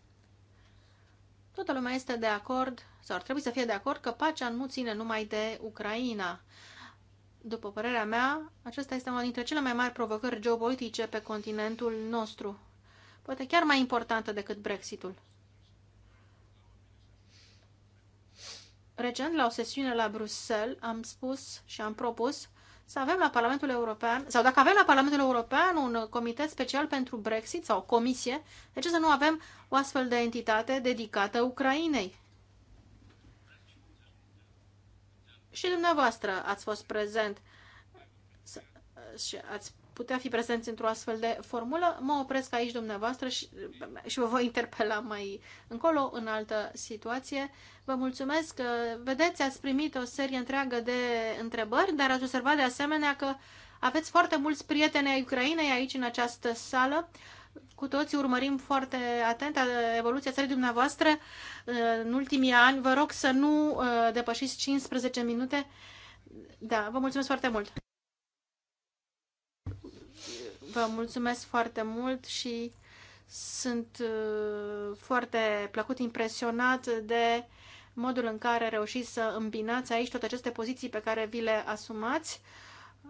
Toată lumea este de acord, sau ar trebui să fie de acord, că pacea nu ține numai de Ucraina. După părerea mea, acesta este una dintre cele mai mari provocări geopolitice pe continentul nostru poate chiar mai importantă decât Brexitul. Recent, la o sesiune la Bruxelles, am spus și am propus să avem la Parlamentul European, sau dacă avem la Parlamentul European un comitet special pentru Brexit sau o comisie, de ce să nu avem o astfel de entitate dedicată Ucrainei? Și dumneavoastră ați fost prezent și ați putea fi prezenți într-o astfel de formulă. Mă opresc aici dumneavoastră și, și vă voi interpela mai încolo, în altă situație. Vă mulțumesc. Vedeți, ați primit o serie întreagă de întrebări, dar ați observat de asemenea că aveți foarte mulți prieteni ai Ucrainei aici în această sală. Cu toții urmărim foarte atent evoluția țării dumneavoastră în ultimii ani. Vă rog să nu uh, depășiți 15 minute. Da, vă mulțumesc foarte mult! Vă mulțumesc foarte mult și sunt uh, foarte plăcut impresionat de modul în care reușiți să îmbinați aici toate aceste poziții pe care vi le asumați.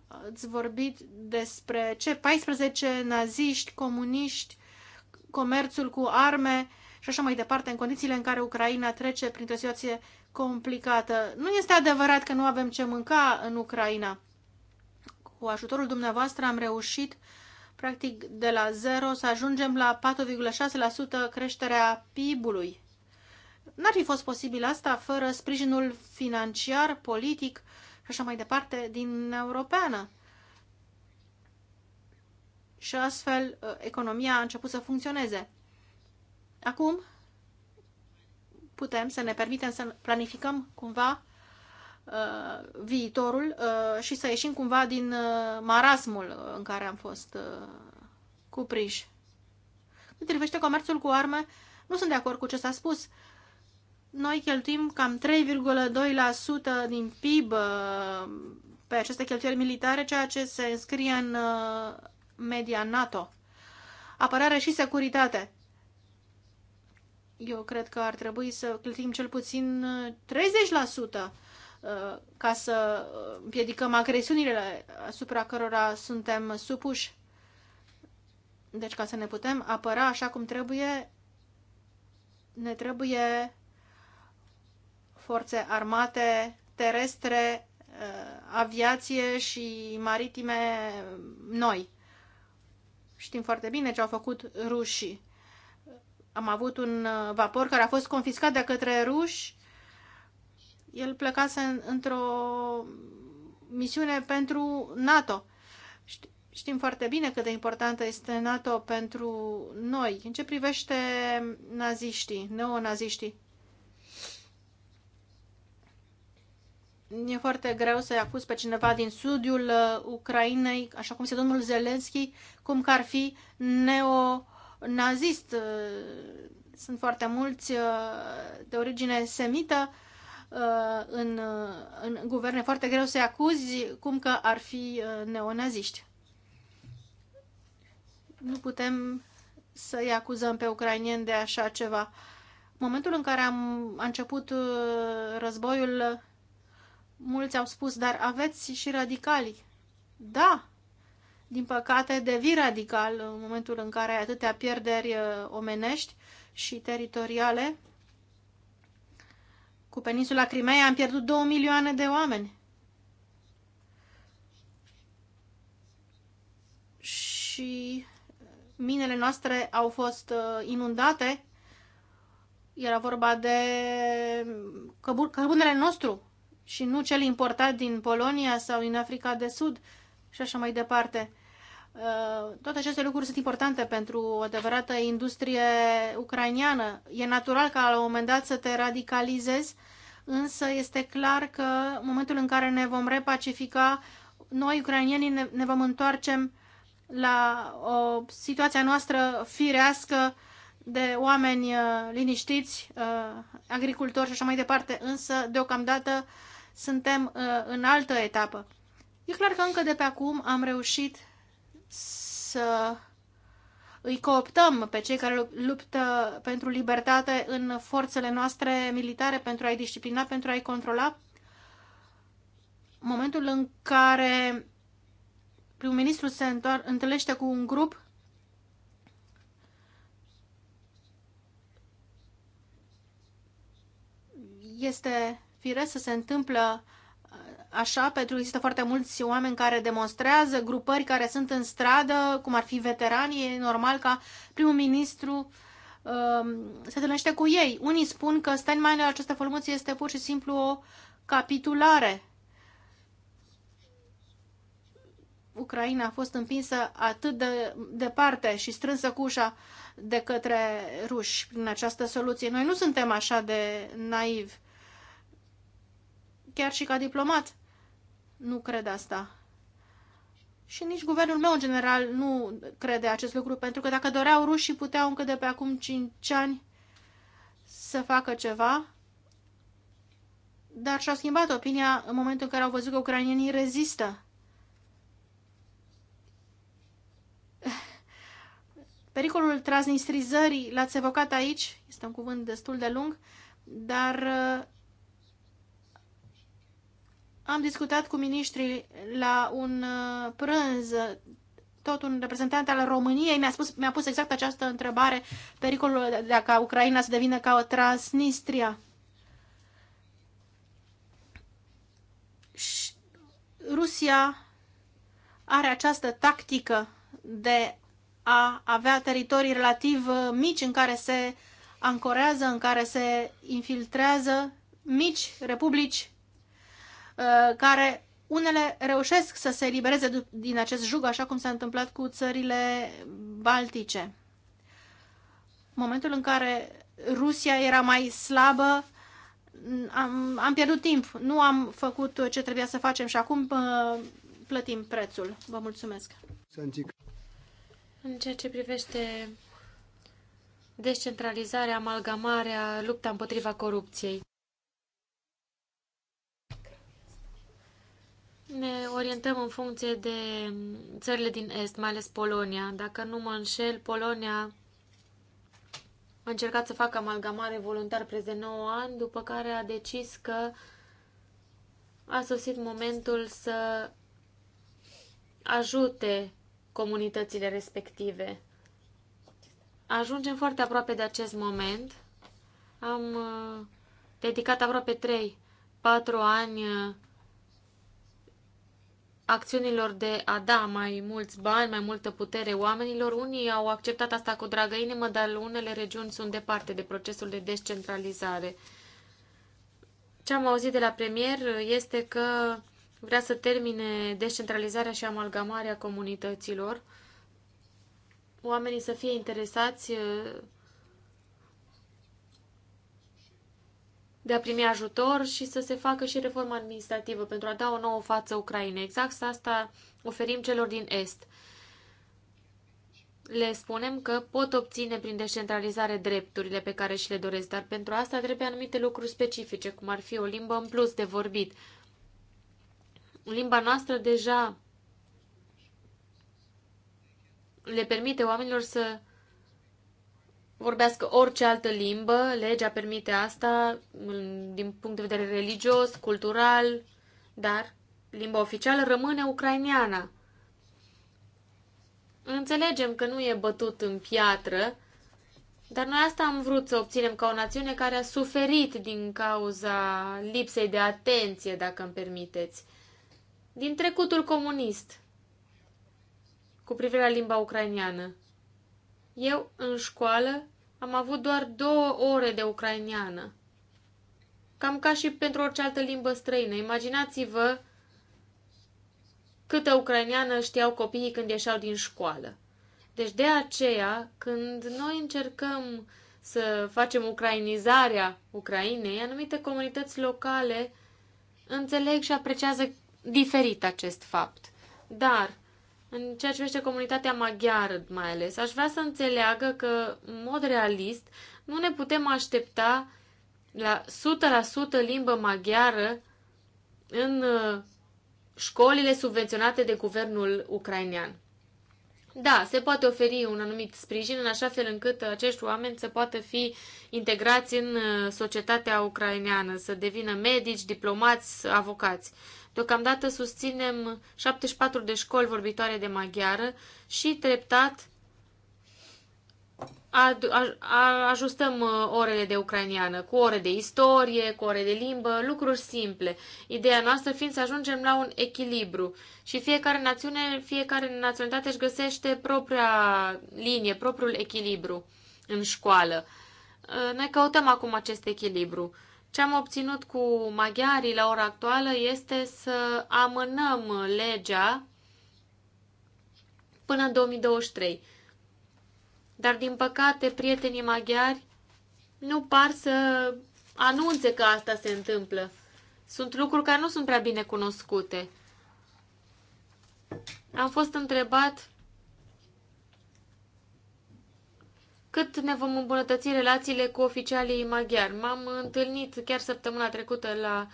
Ați vorbit despre ce 14 naziști, comuniști, comerțul cu arme și așa mai departe, în condițiile în care Ucraina trece printr-o situație complicată. Nu este adevărat că nu avem ce mânca în Ucraina. Cu ajutorul dumneavoastră am reușit uh, practic de la 0 să ajungem la 4,6% creșterea PIB-ului. N-ar fi fost posibil asta fără sprijinul financiar, politic și așa mai departe din Europeană. Și astfel ă, economia a început să funcționeze. Acum putem să ne permitem să planificăm cumva Uh, viitorul uh, și să ieșim cumva din uh, marasmul în care am fost cupriși. Cât privește comerțul cu arme, nu sunt de acord cu ce s-a spus. Noi cheltuim cam 3,2% din PIB pe aceste cheltuieli militare, ceea ce se înscrie în media NATO. Apărare și securitate. Eu cred că ar trebui să cheltuim cel puțin 30% Uh, ca să împiedicăm agresiunile asupra cărora suntem supuși. Deci ca să ne putem apăra așa cum trebuie, ne trebuie forțe armate, terestre, uh, aviație și maritime noi. Știm foarte bine ce au făcut rușii. Am avut un uh, vapor care a fost confiscat de către ruși el plecase într-o misiune pentru NATO. Știm foarte bine cât de importantă este NATO pentru noi. În ce privește naziștii, neonaziștii? E foarte greu să-i acuz pe cineva din sudul uh, Ucrainei, așa cum se domnul Zelenski, cum că ar fi neonazist. Uh, sunt foarte mulți uh, de origine semită Uh, în, uh, în guverne foarte greu să-i acuzi cum că ar fi uh, neonaziști. Nu putem să-i acuzăm pe ucrainieni de așa ceva. Momentul în care am, a început războiul, mulți au spus, dar aveți și radicali. Da, din păcate devii radical în momentul în care ai atâtea pierderi omenești și teritoriale cu peninsula Crimea am pierdut două milioane de oameni. Și minele noastre au fost uh, inundate. Era vorba de cărbunele nostru și nu cel importat din Polonia sau din Africa de Sud și așa mai departe. Uh, toate aceste lucruri sunt importante pentru o adevărată industrie ucraineană. E natural ca la un moment dat să te radicalizezi, însă este clar că în momentul în care ne vom repacifica, noi ucrainienii ne, ne vom întoarce la o situația noastră firească de oameni uh, liniștiți, uh, agricultori și așa mai departe, însă deocamdată suntem în altă etapă. E clar că încă de pe acum am reușit să îi cooptăm pe cei care luptă pentru libertate în forțele noastre militare pentru a-i disciplina, pentru a-i controla? Momentul în care prim-ministrul se întâlnește cu un grup este firesc să se întâmplă așa, pentru că există foarte mulți oameni care demonstrează, grupări care sunt în stradă, cum ar fi veteranii, e normal ca primul ministru um, se întâlnește cu ei. Unii spun că Steinmeier, această formuție este pur și simplu o capitulare. Ucraina a fost împinsă atât de departe și strânsă cu ușa de către ruși prin această soluție. Noi nu suntem așa de naivi chiar și ca diplomat nu cred asta. Și nici guvernul meu, în general, nu crede acest lucru, pentru că dacă doreau rușii, puteau încă de pe acum 5 ani să facă ceva, dar și-au schimbat opinia în momentul în care au văzut că ucrainienii rezistă. Pericolul transnistrizării l-ați evocat aici, este un cuvânt destul de lung, dar am discutat cu miniștrii la un uh, prânz, tot un reprezentant al României mi-a, spus, mi-a pus exact această întrebare, pericolul dacă Ucraina să devină ca o Transnistria. Și Rusia are această tactică de a avea teritorii relativ uh, mici în care se ancorează, în care se infiltrează mici republici Uh, care unele reușesc să se elibereze din acest jug, așa cum s-a întâmplat cu țările baltice. Momentul în care Rusia era mai slabă, am, am pierdut timp, nu am făcut ce trebuia să facem și acum uh, plătim prețul. Vă mulțumesc!
În ceea ce privește descentralizarea, amalgamarea, lupta împotriva corupției. Ne orientăm în funcție de țările din Est, mai ales Polonia. Dacă nu mă înșel, Polonia a încercat să facă amalgamare voluntar preț de 9 ani, după care a decis că a sosit momentul să ajute comunitățile respective. Ajungem foarte aproape de acest moment. Am uh, dedicat aproape 3-4 ani uh, acțiunilor de a da mai mulți bani, mai multă putere oamenilor. Unii au acceptat asta cu dragă inimă, dar unele regiuni sunt departe de procesul de descentralizare. Ce am auzit de la premier este că vrea să termine descentralizarea și amalgamarea comunităților. Oamenii să fie interesați de a primi ajutor și să se facă și reforma administrativă pentru a da o nouă față Ucrainei. Exact asta oferim celor din Est. Le spunem că pot obține prin descentralizare drepturile pe care și le doresc, dar pentru asta trebuie anumite lucruri specifice, cum ar fi o limbă în plus de vorbit. Limba noastră deja le permite oamenilor să vorbească orice altă limbă, legea permite asta din punct de vedere religios, cultural, dar limba oficială rămâne ucraineana. Înțelegem că nu e bătut în piatră, dar noi asta am vrut să obținem ca o națiune care a suferit din cauza lipsei de atenție, dacă îmi permiteți, din trecutul comunist cu privire la limba ucraineană. Eu, în școală, am avut doar două ore de ucraineană. Cam ca și pentru orice altă limbă străină. Imaginați-vă câtă ucraineană știau copiii când ieșeau din școală. Deci de aceea, când noi încercăm să facem ucrainizarea Ucrainei, anumite comunități locale înțeleg și apreciază diferit acest fapt. Dar în ceea ce privește comunitatea maghiară mai ales, aș vrea să înțeleagă că, în mod realist, nu ne putem aștepta la 100% limbă maghiară în uh, școlile subvenționate de guvernul ucrainean. Da, se poate oferi un anumit sprijin în așa fel încât acești oameni să poată fi integrați în uh, societatea ucraineană, să devină medici, diplomați, avocați. Deocamdată susținem 74 de școli vorbitoare de maghiară și treptat ajustăm uh, orele de ucraineană cu ore de istorie, cu ore de limbă, lucruri simple. Ideea noastră fiind să ajungem la un echilibru și fiecare națiune, fiecare naționalitate își găsește propria linie, propriul echilibru în școală. Uh, noi căutăm acum acest echilibru. Ce am obținut cu maghiarii la ora actuală este să amânăm legea până în 2023 dar, din păcate, prietenii maghiari nu par să anunțe că asta se întâmplă. Sunt lucruri care nu sunt prea bine cunoscute. Am fost întrebat cât ne vom îmbunătăți relațiile cu oficialii maghiari. M-am întâlnit chiar săptămâna trecută la...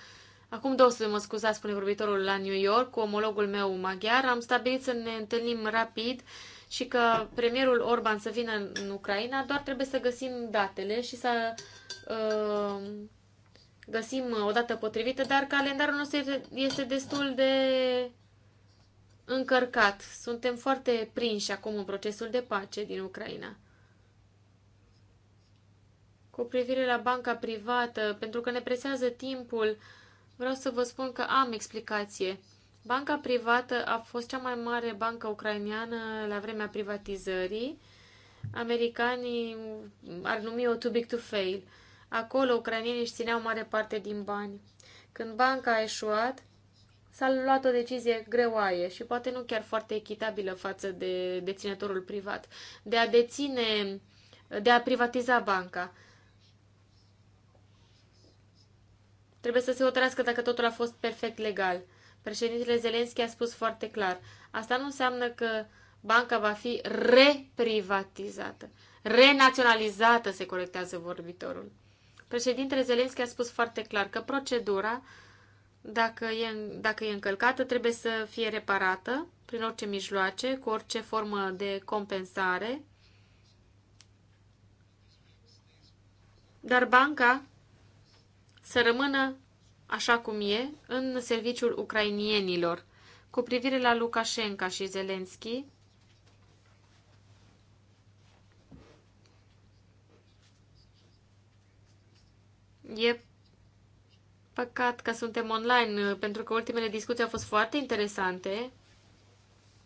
Acum două să mă scuzați, spune vorbitorul, la New York cu omologul meu maghiar. Am stabilit să ne întâlnim rapid și că premierul Orban să vină în Ucraina, doar trebuie să găsim datele și să uh, găsim o dată potrivită, dar calendarul nostru este destul de încărcat. Suntem foarte prinși acum în procesul de pace din Ucraina. Cu privire la banca privată, pentru că ne presează timpul, vreau să vă spun că am explicație. Banca privată a fost cea mai mare bancă ucraineană la vremea privatizării. Americanii ar numi o too big to fail. Acolo ucrainienii își țineau mare parte din bani. Când banca a eșuat, s-a luat o decizie greoaie și poate nu chiar foarte echitabilă față de deținătorul privat, de a deține, de a privatiza banca. Trebuie să se hotărească dacă totul a fost perfect legal. Președintele Zelenski a spus foarte clar. Asta nu înseamnă că banca va fi reprivatizată, renaționalizată, se corectează vorbitorul. Președintele Zelenski a spus foarte clar că procedura, dacă e, dacă e încălcată, trebuie să fie reparată prin orice mijloace, cu orice formă de compensare. Dar banca să rămână așa cum e, în serviciul ucrainienilor. Cu privire la Lukashenka și Zelenski, e păcat că suntem online, pentru că ultimele discuții au fost foarte interesante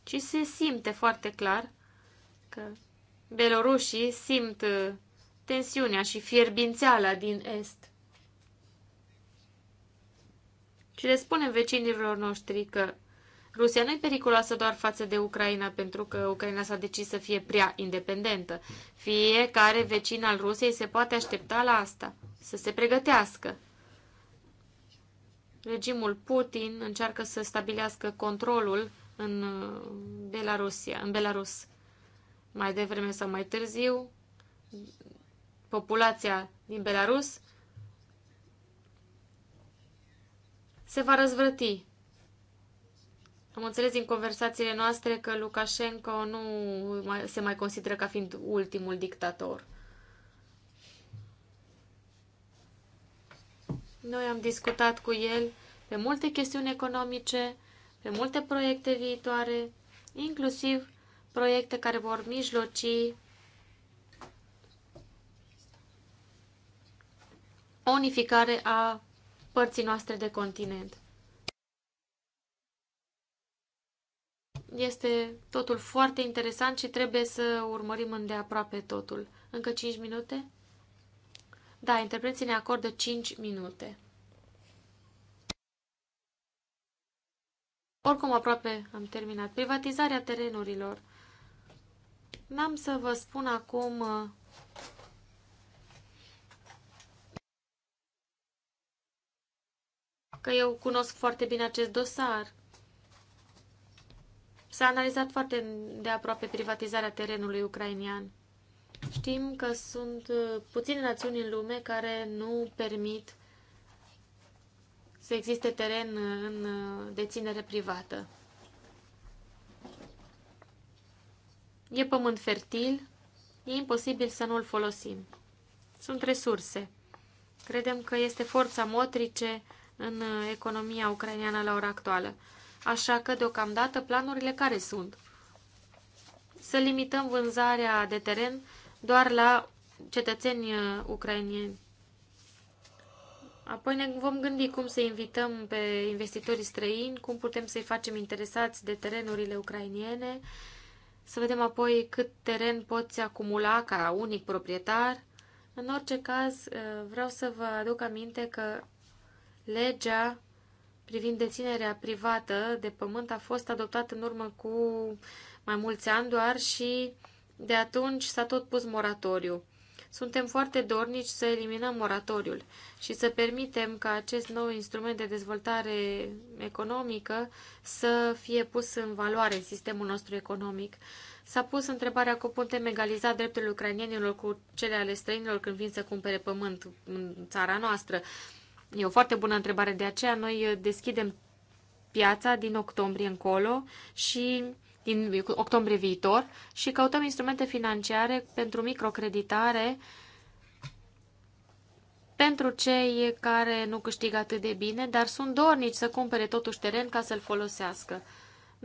și se simte foarte clar că belorușii simt uh, tensiunea și fierbințeala din Est și le spunem vecinilor noștri că Rusia nu e periculoasă doar față de Ucraina, pentru că Ucraina s-a decis să fie prea independentă. Fiecare vecin al Rusiei se poate aștepta la asta, să se pregătească. Regimul Putin încearcă să stabilească controlul în uh, Belarusia, în Belarus. Mai devreme sau mai târziu, populația din Belarus se va răzvrăti. Am înțeles din conversațiile noastre că Lukashenko nu se mai consideră ca fiind ultimul dictator. Noi am discutat cu el pe multe chestiuni economice, pe multe proiecte viitoare, inclusiv proiecte care vor mijloci unificare a părții noastre de continent. Este totul foarte interesant și trebuie să urmărim îndeaproape totul. Încă 5 minute? Da, interpreții ne acordă 5 minute. Oricum, aproape am terminat. Privatizarea terenurilor. N-am să vă spun acum uh, că eu cunosc foarte bine acest dosar. S-a analizat foarte de aproape privatizarea terenului ucrainian. Știm că sunt uh, puține națiuni în lume care nu permit să existe teren uh, în uh, deținere privată. E pământ fertil, e imposibil să nu-l folosim. Sunt resurse. Credem că este forța motrice în uh, economia ucraineană la ora actuală. Așa că, deocamdată, planurile care sunt? Să limităm vânzarea de teren doar la cetățeni uh, ucrainieni. Apoi ne vom gândi cum să invităm pe investitorii străini, cum putem să-i facem interesați de terenurile ucrainiene, să vedem apoi cât teren poți acumula ca unic proprietar. În orice caz, uh, vreau să vă aduc aminte că legea privind deținerea privată de pământ a fost adoptată în urmă cu mai mulți ani doar și de atunci s-a tot pus moratoriu. Suntem foarte dornici să eliminăm moratoriul și să permitem ca acest nou instrument de dezvoltare economică să fie pus în valoare în sistemul nostru economic. S-a pus întrebarea cum putem egaliza drepturile ucrainienilor cu cele ale străinilor când vin să cumpere pământ în țara noastră. E o foarte bună întrebare, de aceea noi uh, deschidem piața din octombrie încolo și din octombrie viitor și căutăm instrumente financiare pentru microcreditare pentru cei care nu câștigă atât de bine, dar sunt dornici să cumpere totuși teren ca să-l folosească.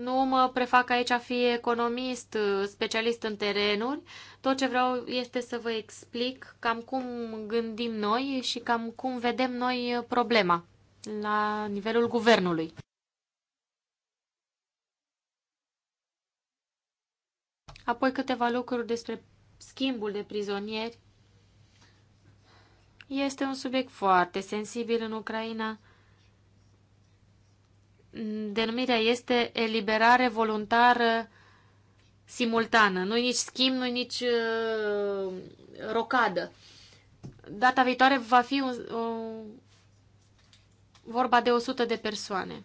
Nu mă prefac aici a fi economist, specialist în terenuri. Tot ce vreau este să vă explic cam cum gândim noi și cam cum vedem noi problema la nivelul guvernului. Apoi câteva lucruri despre schimbul de prizonieri. Este un subiect foarte sensibil în Ucraina denumirea este eliberare voluntară simultană. Nu-i nici schimb, nu-i nici uh, rocadă. Data viitoare va fi un, uh, vorba de 100 de persoane.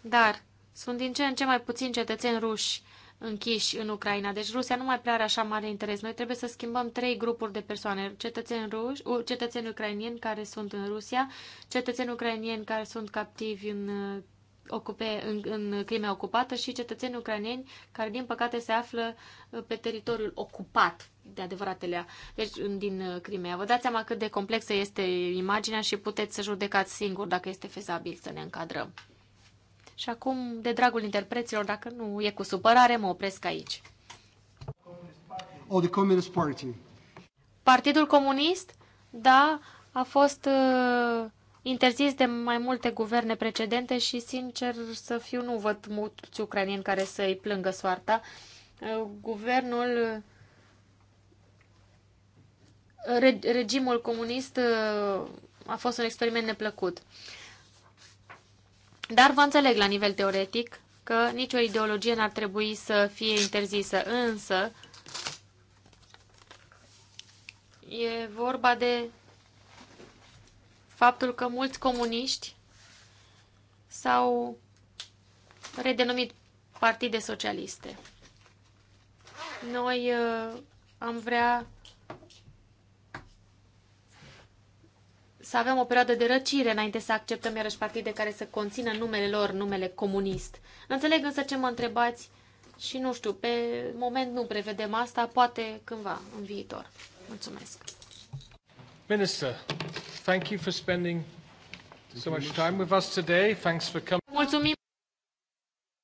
Dar sunt din ce în ce mai puțini cetățeni ruși închiși în Ucraina. Deci Rusia nu mai prea are așa mare interes. Noi trebuie să schimbăm trei grupuri de persoane. Cetățeni, ruși, cetățeni ucrainieni care sunt în Rusia, cetățeni ucrainieni care sunt captivi în, uh, ocupe, în, în crime ocupată și cetățeni ucrainieni care, din păcate, se află uh, pe teritoriul ocupat de adevăratele, deci din uh, Crimea. Vă dați seama cât de complexă este imaginea și puteți să judecați singur dacă este fezabil să ne încadrăm. Și acum, de dragul interpreților, dacă nu e cu supărare, mă opresc aici.
Oh, the Communist Party.
Partidul Comunist, da, a fost uh, interzis de mai multe guverne precedente și, sincer să fiu, nu văd mulți ucranieni care să-i plângă soarta. Uh, guvernul, uh, regimul comunist uh, a fost un experiment neplăcut. Uh, dar vă înțeleg la nivel teoretic că nicio ideologie n-ar trebui să fie interzisă, însă e vorba de faptul că mulți comuniști s-au redenumit partide socialiste. Noi uh, am vrea să avem o perioadă de răcire înainte să acceptăm iarăși partide care să conțină numele lor, numele comunist. Înțeleg însă ce mă întrebați și nu știu, pe moment nu prevedem asta, poate cândva în viitor. Mulțumesc.
Minister, thank you for spending so much time with us today. Thanks for coming.
Mulțumim.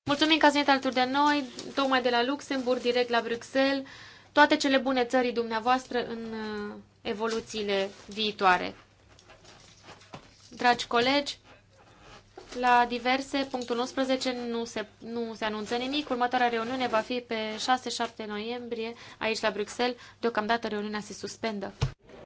Mulțumim că ați venit alături de noi, tocmai de la Luxemburg, direct la Bruxelles. Toate cele bune țării dumneavoastră în uh, evoluțiile viitoare. Dragi colegi, la diverse, punctul 11 nu se, nu se anunță nimic. Următoarea reuniune va fi pe 6-7 noiembrie aici la Bruxelles. Deocamdată reuniunea se suspendă.